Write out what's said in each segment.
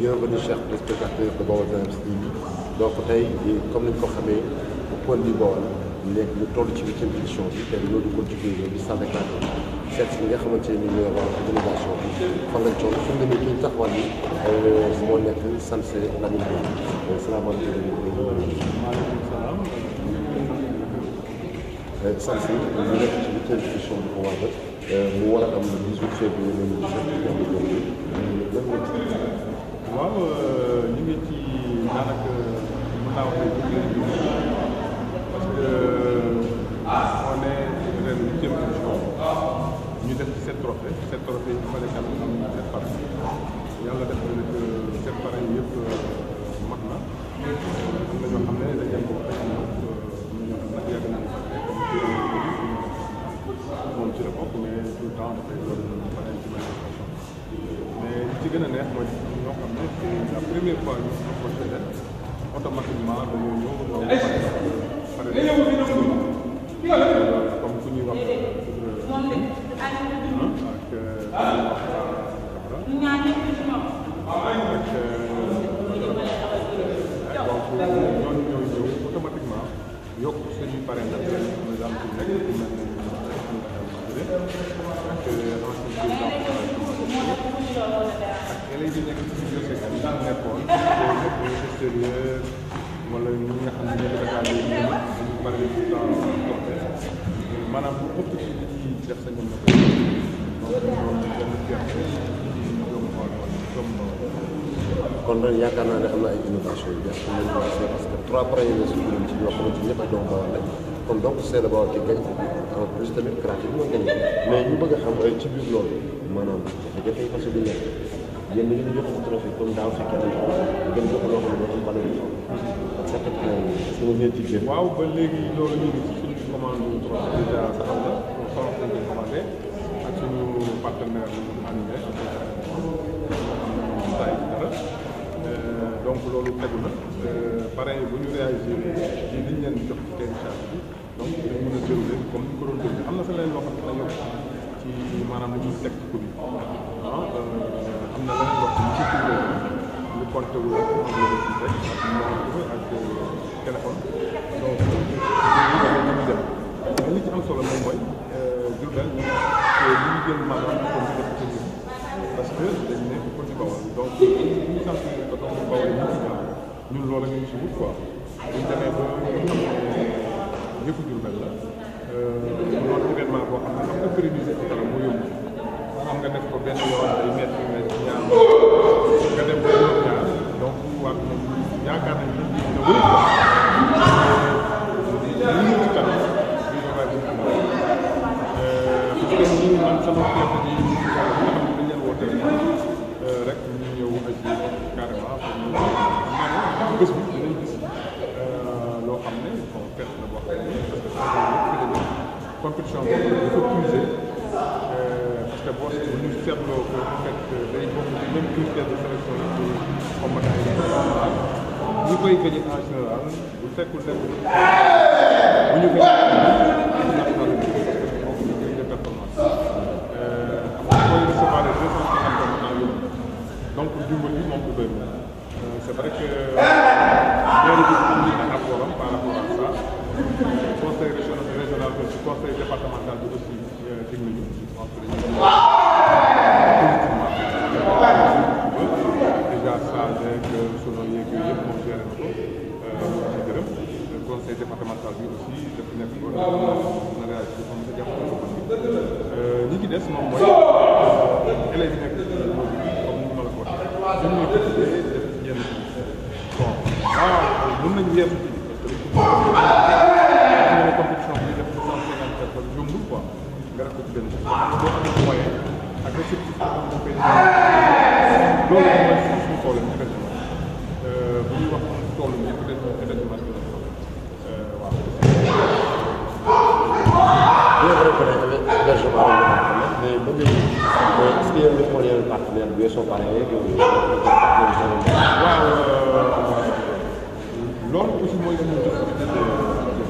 ñoo ko di chef de spectateur de Baol Times TV donc tey comme ni ko xamee au point du Baol léegi ñu toll ci huitième édition bi te loolu continuer di nga xamante ne ñooy waa organisation bi fan lañ toll fi mu ne nii ki ñu taxawal ni euh, moo nekk sant Lamine Gueye euh, salaamaaleykum. Euh, sant nekk ci huitième édition bi ko waajal mu war a am le 18 février waaw euh, ñu ngi ci daanaka mën naa wax ne parce que euh, on est ren huitième édition ñu def ci sept trophées sept trophées première fois ñu proposé leen automatiquement dañoo ñëw loolu pare comme ku ñuy wax ak donc ñooñu ñëw ñëw automatiquement yokk suñu parrainage élèves yi nekk ci bibliothèque bi ndax nekkoon extérieur wala ñi nga xam ne ñoo Dakar yi ñu bari dans maanaam bu ëpp ci li ñuy def sa ñoom na ko kon nag yaakaar naa ne xam na ay innovation yu bees am innovation parce que trois premiers ci yoo xamante ñëpp ay doomu bawal lañ kon donc seede bawal ci gañ en plus tamit gratuit moo gañ mais ñu bëgg a xam ci biir loolu maanaam jafe-jafe yi parce que du nekk yéen da ngeen jox ko trophée ko ngeen jox loo xam ne am bala ñu am. waaw ba léegi loolu ñu ngi ci suñu commande trophée ak suñu partenaire bi euh, loolu tegu na euh, parrain bu ñu réagir ci liñ leen jox ci seen charge bi donc dañ mën a déroulé comme ni ko doon déroulé am na sa leen loo xam ne ci maanaam li ñuy teg ci am na leneen loo xam ci biir lu compté wu ak euh, téléphone donc euh, li ci am solo moom mooy Diourbel euh, ñu ngi jël maanaam comme def ci parce que dañ nekk pour di bawal donc ñu sensibiliser ko donc bawal ñu ci ñaar ñun loolu ñu ngi si wut quoi buñ demee ba nga xam ne yëfu Diourbel la loolu événement boo xam ne xam nga pérenniser ko dara mu yóbbu moom nga def ko benn yoon day métti métti ñaar nga def ko ñaar donc war na yaakaar nañ ne dina wéy li ñu ci tamit di ñu man sama ñu seetloo ko en fait day bokk ci même critère de sélection yi pour combattant yi ñu koy gagné en général bu fekkul nekk bu ñu Donc, du motif, on peut C'est vrai que. des moom mooy élèves yi nekk comme ni ma la ko waxee ñoom ñoo ko tuddee def ñenn bon waaw mën nañ yeesu ci parce que compétition bi def cent cinquante personnes yombul quoi nga def ko ci benn boo amee moyen ak réceptif loolu mooy suñu problème événement euh, bu ñuy wax tool yi peut-être événement mais ba léegi est-ce que yéen defoon yeneen partenaire bi soo paree rek yow. waaw loolu aussi mooy li mu def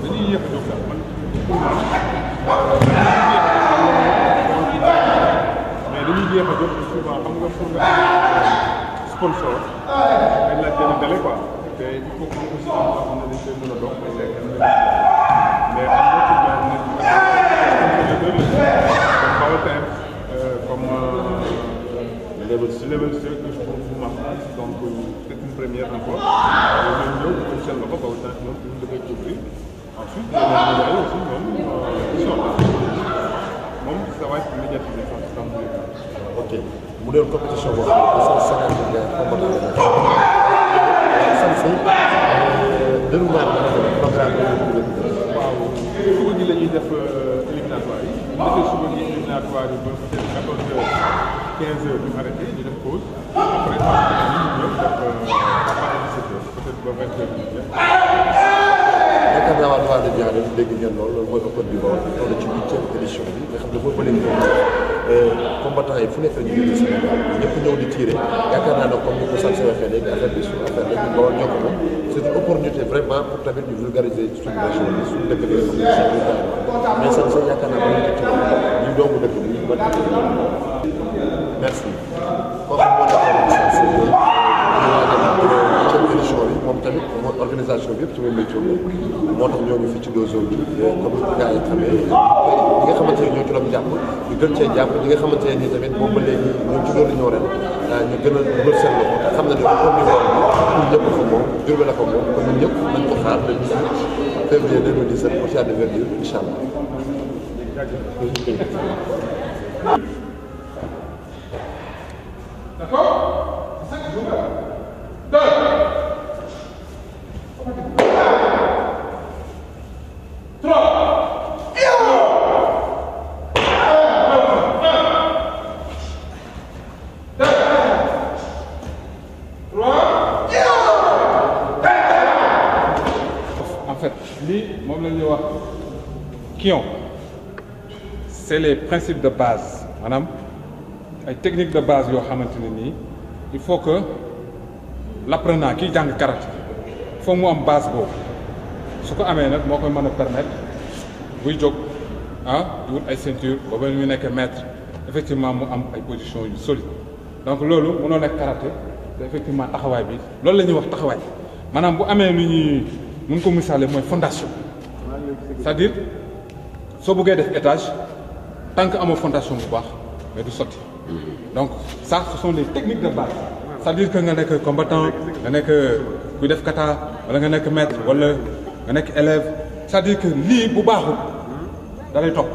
dañuy yéex a jóg daal man. mais dañuy yéex a jóg souvent xam nga pour nga sponsor dañ la gën a dale quoi. te il faut que aussi am na dañ koy mën a dox level si level si que je compte vous marquer. Donc, euh, c'est une première encore. Même nous, comme ça, on va pas autant, donc nous devons découvrir. Ensuite, on a médaille aussi, même, euh, même, ça va être médiatisé dans tous les cas. Ok. Vous voulez une compétition, vous avez 150 000 combattants. Ça, c'est. Euh, deux mois, programme de waaw suba gi la ñuy def euh, éliminatoire yi. waaw bu defee suba gi éliminatoire yi ba peut-être 14 heures 15 heures ñu arrêté ñu def pause après yaakaar euh, naa de Diarra dégg ngeen loolu loolu mooy open bi bawal toll ci huitième édition bi nga xam ne boobu ba euh, combattant yi fu nekk ñëw di tiire yaakaar naa ne comme ni ko Sall si waxee léegi affaire bi suñu affaire la ñu bawal ñoo ko moom c' est une opportunité vraiment pour tamit ñu vulgariser suñu région bi suñu dëkk bi nga xam ne mais Sall si yaakaar naa ba ñu ko ci ñu doomu dëkk bi ñu mën merci kooku moo tax édition bi moom tamit mooy organisation bi yëpp ci même métier moo tax ñoo ngi fi ci Dozo bi euh, comme gars yi xamee ñi nga xamante ne ñoo ci doon jàpp ñu gën cee jàpp ñi nga xamante ne nii tamit moom ba léegi ñoom ci loolu ñoo ren euh, ñu gën a dugal seen loxo te xam na comme ni moom ñëpp ko moom Diourbel la ko moom kon ñun ñëpp nañ ko xaar le 17 février 2017 au de Verdure la ñuy wax kion c'est les principes de base maanaam ay technique de base yoo xamante ne nii il faut que l'apprenant kiy jàng karaté foog mu am base boobu su ko amee nag moo koy mën a permettre buy jóg ah di wut ay ceinture booba ñu nekk maître effectivement mu am ay position yu solide donc loolu mënoo nekk karaté te effectivement taxawaay bi loolu la ñuy wax taxawaay maanaam bu amee lu ñuy mën ko misaale mooy fondation c'est-à-dire soo buggee def étage tant que amoo fondation bu baax mais du sotti donc ça ce les techniques de base c'est-à-dire que nga nekk combattant nga nekk kuy def kata wala nga nekk maître walla nga nekk élève c'est-à-dire que lii bu baaxul da lay topp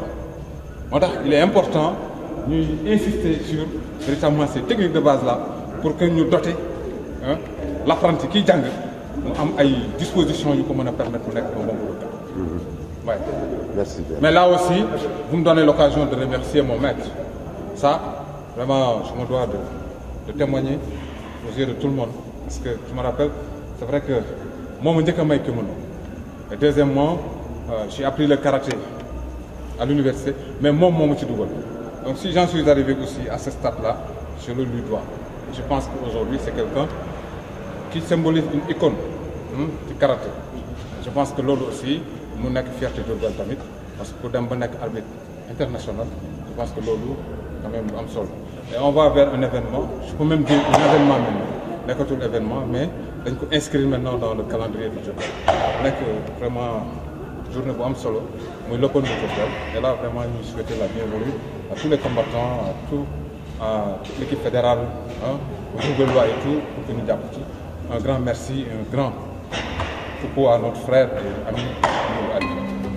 moo tax il est important ñuy insister sur véritablement ces techniques de base la pour que ñu doter ah l'apprenti kiy jàng mu am ay dispositions yu ko mën a permettre mu nekk un bon Ouais. Mais là aussi, vous me donnez l'occasion de remercier mon maître. Ça, vraiment, je me dois de, de témoigner aux yeux de tout le monde. Parce que je me rappelle, c'est vrai que moi, je me dis deuxièmement, euh, j'ai appris le karaté à l'université, mais moi, moi, je Donc si j'en suis arrivé aussi à ce stade-là, je lui dois. Je pense qu'aujourd'hui, c'est quelqu'un qui symbolise une icône hein, du Je pense que l'autre aussi, mu nekk fierté Diourbel tamit parce que ku dem ba nekk arbitre international je pense que loolu quand même lu am solo et on va vers un événement je peux même dire un événement même nekkatul événement mais dañ ko inscrire maintenant dans le calendrier du Diourbel nekk vraiment journée bu am solo muy l'Open de Diourbel et là vraiment ñu souhaiter la bienvenue à tous les combattants à tout à toute l'équipe fédérale ah Diourbellois et tout pour que ñu jàpp ci un grand merci et un grand coucou à notre frère et ami Nour